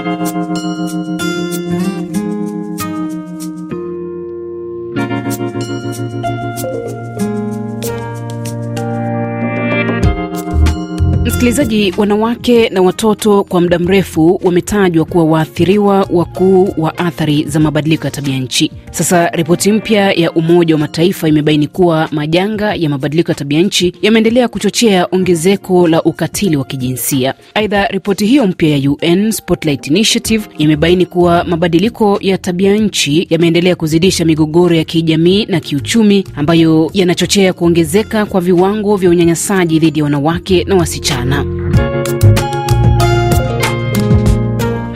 Thank you. Wasikilizaji, wanawake na watoto kwa muda mrefu wametajwa kuwa waathiriwa wakuu wa athari za mabadiliko ya tabia nchi. Sasa ripoti mpya ya Umoja wa Mataifa imebaini kuwa majanga ya mabadiliko ya tabia nchi yameendelea kuchochea ongezeko la ukatili wa kijinsia. Aidha, ripoti hiyo mpya ya UN Spotlight Initiative imebaini kuwa mabadiliko ya tabia nchi yameendelea kuzidisha migogoro ya kijamii na kiuchumi ambayo yanachochea kuongezeka kwa viwango vya unyanyasaji dhidi ya wanawake na wasichana.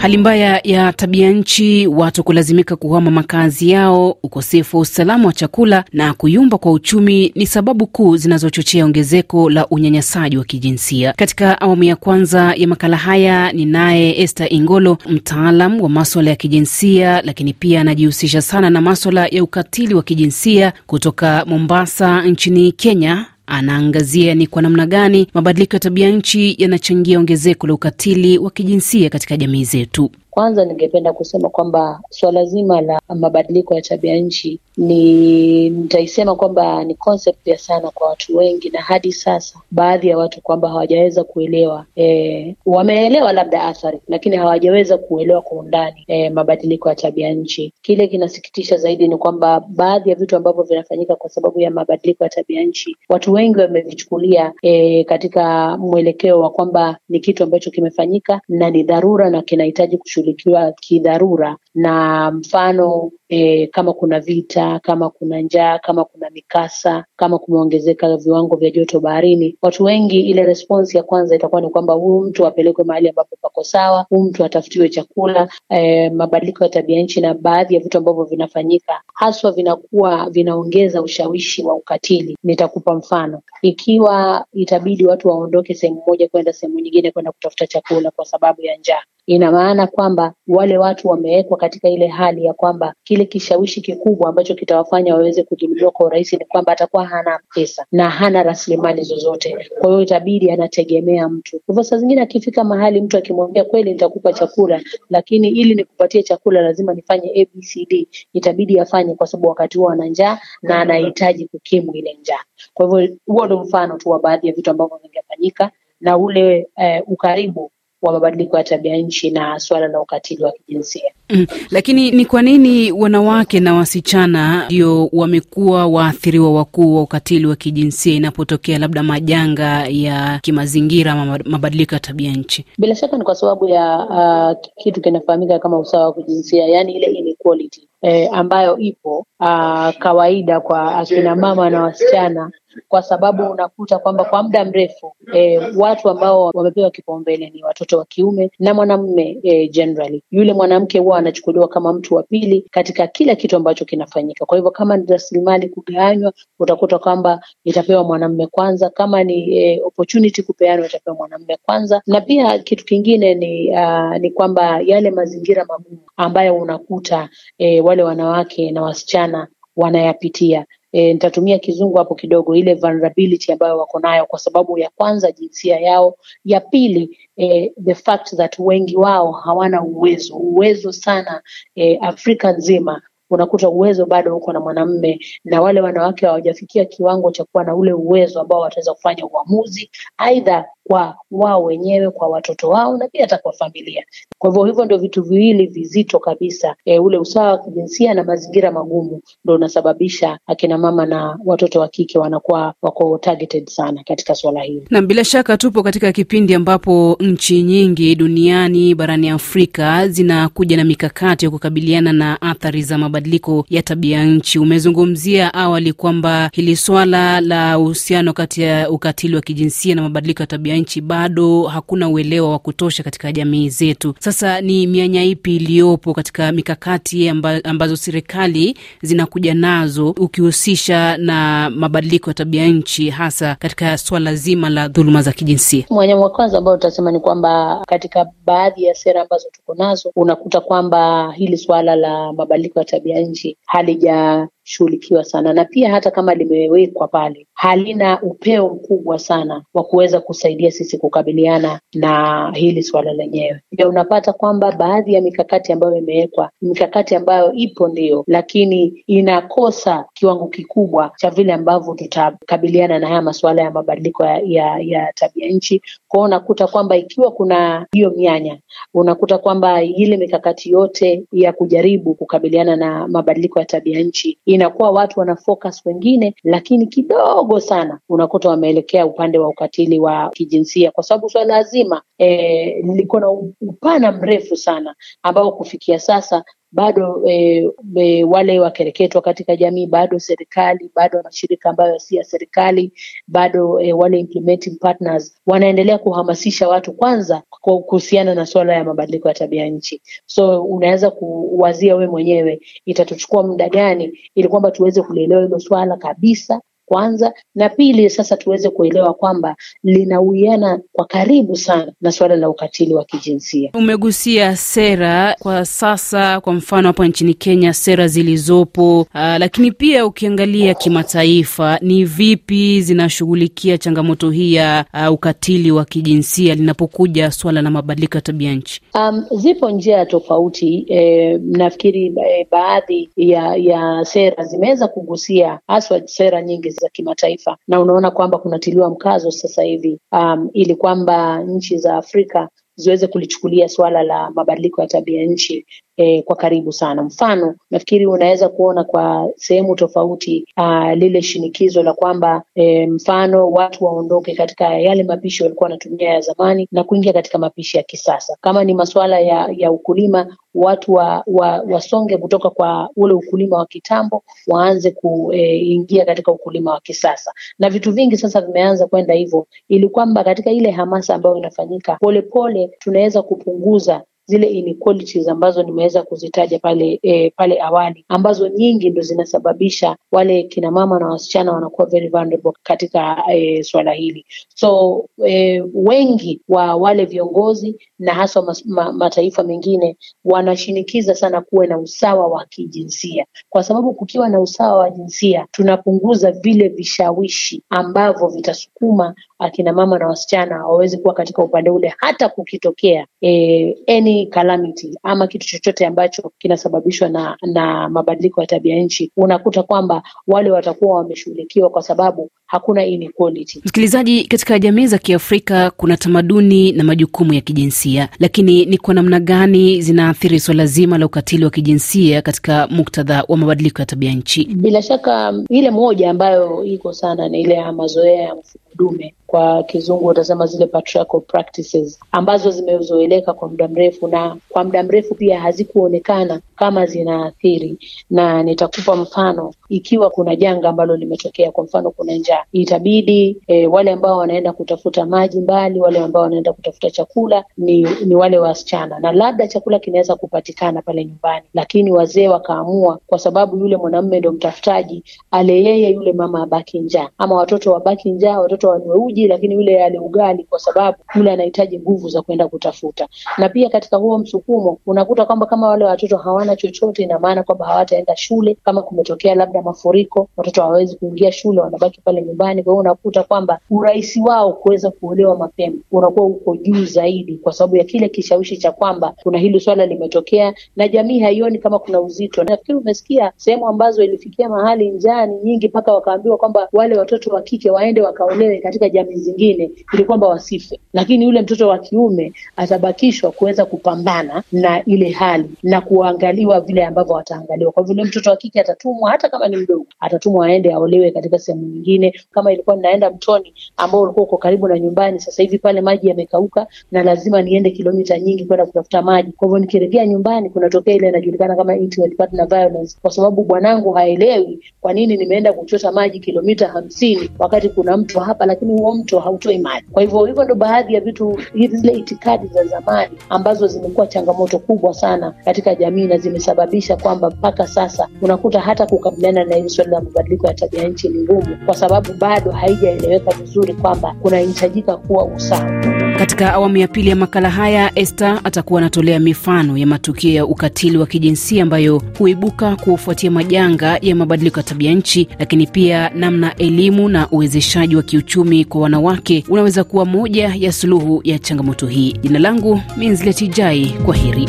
Hali mbaya ya tabia nchi, watu kulazimika kuhama makazi yao, ukosefu wa usalama wa chakula na kuyumba kwa uchumi ni sababu kuu zinazochochea ongezeko la unyanyasaji wa kijinsia. Katika awamu ya kwanza ya makala haya ni naye Esther Ingolo, mtaalam wa maswala ya kijinsia, lakini pia anajihusisha sana na maswala ya ukatili wa kijinsia kutoka Mombasa nchini Kenya anaangazia ni kwa namna gani mabadiliko ya tabia nchi yanachangia ongezeko la ukatili wa kijinsia katika jamii zetu. Kwanza ningependa kusema kwamba suala zima la mabadiliko ya tabia nchi ni nitaisema kwamba ni concept ya sana kwa watu wengi, na hadi sasa baadhi ya watu kwamba hawajaweza kuelewa e, wameelewa labda athari, lakini hawajaweza kuelewa kwa undani e, mabadiliko ya tabia nchi. Kile kinasikitisha zaidi ni kwamba baadhi ya vitu ambavyo vinafanyika kwa sababu ya mabadiliko ya tabia nchi, watu wengi wamevichukulia e, katika mwelekeo wa kwamba ni kitu ambacho kimefanyika na ni dharura na kinahitaji kushughulikiwa kidharura, na mfano e, kama kuna vita, kama kuna njaa, kama kuna mikasa, kama kumeongezeka viwango vya joto baharini, watu wengi, ile response ya kwanza itakuwa ni kwamba huyu mtu apelekwe mahali ambapo pako sawa, huyu mtu atafutiwe chakula. E, mabadiliko ya tabia nchi na baadhi ya vitu ambavyo vinafanyika haswa vinakuwa vinaongeza ushawishi wa ukatili. Nitakupa mfano, ikiwa itabidi watu waondoke sehemu moja kwenda sehemu nyingine kwenda kutafuta chakula kwa sababu ya njaa, Ina maana kwamba wale watu wamewekwa katika ile hali ya kwamba kile kishawishi kikubwa ambacho kitawafanya waweze kudhulumiwa kwa urahisi ni kwamba atakuwa hana pesa na hana rasilimali zozote, kwa hiyo itabidi anategemea mtu. Kwa hivyo saa zingine akifika mahali mtu akimwambia kweli, nitakupa chakula, lakini ili nikupatie chakula lazima nifanye ABCD, itabidi afanye, kwa sababu wakati huo ana njaa na anahitaji kukimu ile njaa. Kwa hivyo huo ndo mfano tu wa baadhi ya vitu ambavyo vingefanyika na ule eh, ukaribu wa mabadiliko ya tabia nchi na suala la ukatili wa kijinsia. Mm, lakini ni kwa nini wanawake na wasichana ndio wamekuwa waathiriwa wakuu wa ukatili wa kijinsia inapotokea labda majanga ya kimazingira ama mabadiliko ya tabia nchi? Bila shaka ni kwa sababu ya uh, kitu kinafahamika kama usawa wa kijinsia, yaani ile inequality E, ambayo ipo a, uh, kawaida kwa akina mama na wasichana kwa sababu unakuta kwamba kwa muda mrefu e, watu ambao wamepewa kipaumbele ni watoto wa kiume na mwanamume e, generally yule mwanamke huwa anachukuliwa kama mtu wa pili katika kila kitu ambacho kinafanyika. Kwa hivyo kama ni rasilimali kugawanywa, utakuta kwamba itapewa mwanamume kwanza, kama ni e, opportunity kupeanwa, itapewa mwanamume kwanza. Na pia kitu kingine ni uh, ni kwamba yale mazingira magumu ambayo unakuta e, wale wanawake na wasichana wanayapitia e, nitatumia kizungu hapo kidogo, ile vulnerability ambayo wako nayo kwa sababu ya kwanza jinsia yao, ya pili e, the fact that wengi wao hawana uwezo uwezo sana e, Afrika nzima unakuta uwezo bado uko na mwanamme na wale wanawake hawajafikia kiwango cha kuwa na ule uwezo ambao wataweza kufanya uamuzi aidha kwa wao wenyewe, kwa watoto wao na pia hata kwa familia. Kwa hivyo hivyo ndio vitu viwili vizito kabisa e, ule usawa wa kijinsia na mazingira magumu ndio unasababisha akina mama na watoto wa kike wanakuwa wako targeted sana katika swala hili. Na bila shaka tupo katika kipindi ambapo nchi nyingi duniani barani Afrika zinakuja na mikakati ya kukabiliana na athari za mabadiliko ya tabia nchi. Umezungumzia awali kwamba hili swala la uhusiano kati ya ukatili wa kijinsia na mabadiliko ya tabia ya nchi bado hakuna uelewa wa kutosha katika jamii zetu. Sasa ni mianya ipi iliyopo katika mikakati amba, ambazo serikali zinakuja nazo ukihusisha na mabadiliko ya tabia nchi, hasa katika swala zima la dhuluma za kijinsia? Mwanya wa kwanza ambao utasema ni kwamba katika baadhi ya sera ambazo tuko nazo unakuta kwamba hili swala la mabadiliko ya tabia nchi halija shughulikiwa sana, na pia hata kama limewekwa pale halina upeo mkubwa sana wa kuweza kusaidia sisi kukabiliana na hili suala lenyewe. Ndio unapata kwamba baadhi ya mikakati ambayo imewekwa, mikakati ambayo ipo ndio lakini inakosa kiwango kikubwa cha vile ambavyo tutakabiliana na haya masuala ya mabadiliko ya, ya, ya tabia nchi. Kwao unakuta kwamba ikiwa kuna hiyo mianya, unakuta kwamba ile mikakati yote ya kujaribu kukabiliana na mabadiliko ya tabia nchi inakuwa watu wana focus wengine, lakini kidogo sana unakuta wameelekea upande wa ukatili wa kijinsia, kwa sababu swala zima eh, liko na upana mrefu sana ambao kufikia sasa bado e, e, wale wakereketwa katika jamii, bado serikali, bado mashirika ambayo si ya serikali, bado e, wale implementing partners wanaendelea kuhamasisha watu kwanza kuhusiana na suala ya mabadiliko ya tabia nchi. So unaweza kuwazia we mwenyewe itatuchukua muda gani ili kwamba tuweze kulielewa hilo swala kabisa kwanza na pili, sasa tuweze kuelewa kwamba linauiana kwa karibu sana na suala la ukatili wa kijinsia. Umegusia sera kwa sasa, kwa mfano hapa nchini Kenya sera zilizopo, aa, ah, lakini pia ukiangalia kimataifa ni vipi zinashughulikia changamoto hii ya ah, ukatili wa kijinsia linapokuja suala la mabadiliko ya tabia nchi? Um, zipo njia tofauti eh, nafikiri eh, baadhi ya, ya sera zimeweza kugusia haswa sera nyingi za kimataifa, na unaona kwamba kunatiliwa mkazo sasa hivi um, ili kwamba nchi za Afrika ziweze kulichukulia suala la mabadiliko ya tabia nchi e, kwa karibu sana. Mfano, nafikiri unaweza kuona kwa sehemu tofauti a, lile shinikizo la kwamba e, mfano watu waondoke katika yale mapishi walikuwa wanatumia ya zamani na kuingia katika mapishi ya kisasa. Kama ni masuala ya, ya ukulima, watu wa, wa, wasonge kutoka kwa ule ukulima wa kitambo waanze kuingia e, katika ukulima wa kisasa, na vitu vingi sasa vimeanza kwenda hivyo, ili kwamba katika ile hamasa ambayo inafanyika polepole tunaweza kupunguza zile inequalities ambazo nimeweza kuzitaja pale, e, pale awali ambazo nyingi ndo zinasababisha wale kina mama na wasichana wanakuwa very vulnerable katika e, swala hili. So e, wengi wa wale viongozi na haswa ma, ma, mataifa mengine wanashinikiza sana kuwe na usawa wa kijinsia, kwa sababu kukiwa na usawa wa jinsia tunapunguza vile vishawishi ambavyo vitasukuma akina mama na wasichana waweze kuwa katika upande ule hata kukitokea e, any any calamity ama kitu chochote ambacho kinasababishwa na na mabadiliko ya tabia nchi, unakuta kwamba wale watakuwa wameshughulikiwa, kwa sababu hakuna inequality. Msikilizaji, katika jamii za Kiafrika kuna tamaduni na majukumu ya kijinsia, lakini ni kwa namna gani zinaathiri swala zima la ukatili wa kijinsia katika muktadha wa mabadiliko ya tabia nchi? Bila shaka ile moja ambayo iko sana ni ile ya mazoea ya mfumo dume kwa kizungu utasema zile patriarchal practices ambazo zimezoeleka kwa muda mrefu, na kwa muda mrefu pia hazikuonekana kama zinaathiri. Na nitakupa mfano, ikiwa kuna janga ambalo limetokea, kwa mfano kuna njaa Itabidi e, wale ambao wanaenda kutafuta maji mbali, wale ambao wanaenda kutafuta chakula ni, ni wale wasichana, na labda chakula kinaweza kupatikana pale nyumbani, lakini wazee wakaamua, kwa sababu yule mwanamume ndo mtafutaji, ale yeye yule mama abaki njaa, ama watoto wabaki njaa, watoto wanywe uji, lakini yule ale ugali, kwa sababu yule anahitaji nguvu za kwenda kutafuta. Na pia katika huo msukumo unakuta kwamba kama wale watoto hawana chochote, ina maana kwamba hawataenda shule. Kama kumetokea labda mafuriko, watoto hawawezi kuingia shule, wanabaki pale nyumbani. Kwa hiyo unakuta kwamba urahisi wao kuweza kuolewa mapema unakuwa uko juu zaidi, kwa sababu ya kile kishawishi cha kwamba kuna hili swala limetokea na jamii haioni kama kuna uzito. Nafikiri umesikia sehemu ambazo ilifikia mahali njaa ni nyingi, mpaka wakaambiwa kwamba wale watoto wa kike waende wakaolewe katika jamii zingine ili kwamba wasife, lakini yule mtoto wa kiume atabakishwa kuweza kupambana na ile hali na kuangaliwa vile ambavyo wataangaliwa. Kwa vile mtoto wa kike atatumwa, hata kama ni mdogo, atatumwa aende aolewe katika sehemu nyingine, kama ilikuwa ninaenda mtoni ambao ulikuwa uko karibu na nyumbani, sasa hivi pale maji yamekauka na lazima niende kilomita nyingi kwenda kutafuta maji. Kwa hivyo nikirejea nyumbani kunatokea ile inajulikana kama intimate partner violence, kwa sababu bwanangu haelewi kwa nini nimeenda kuchota maji kilomita hamsini wakati kuna mto hapa, lakini huo mto hautoi maji. Kwa hivyo hivyo ndo baadhi ya vitu, zile itikadi za zamani ambazo zimekuwa changamoto kubwa sana katika jamii na zimesababisha kwamba mpaka sasa unakuta hata kukabiliana na hili swali la mabadiliko ya tabia nchi ni ngumu kwa sababu sababu bado haijaeleweka vizuri kwamba kunahitajika kuwa usawa. Katika awamu ya pili ya makala haya, Esther atakuwa anatolea mifano ya matukio ya ukatili wa kijinsia ambayo huibuka kufuatia majanga ya mabadiliko ya tabia nchi, lakini pia namna elimu na uwezeshaji wa kiuchumi kwa wanawake unaweza kuwa moja ya suluhu ya changamoto hii. Jina langu Minzletijai, kwa heri.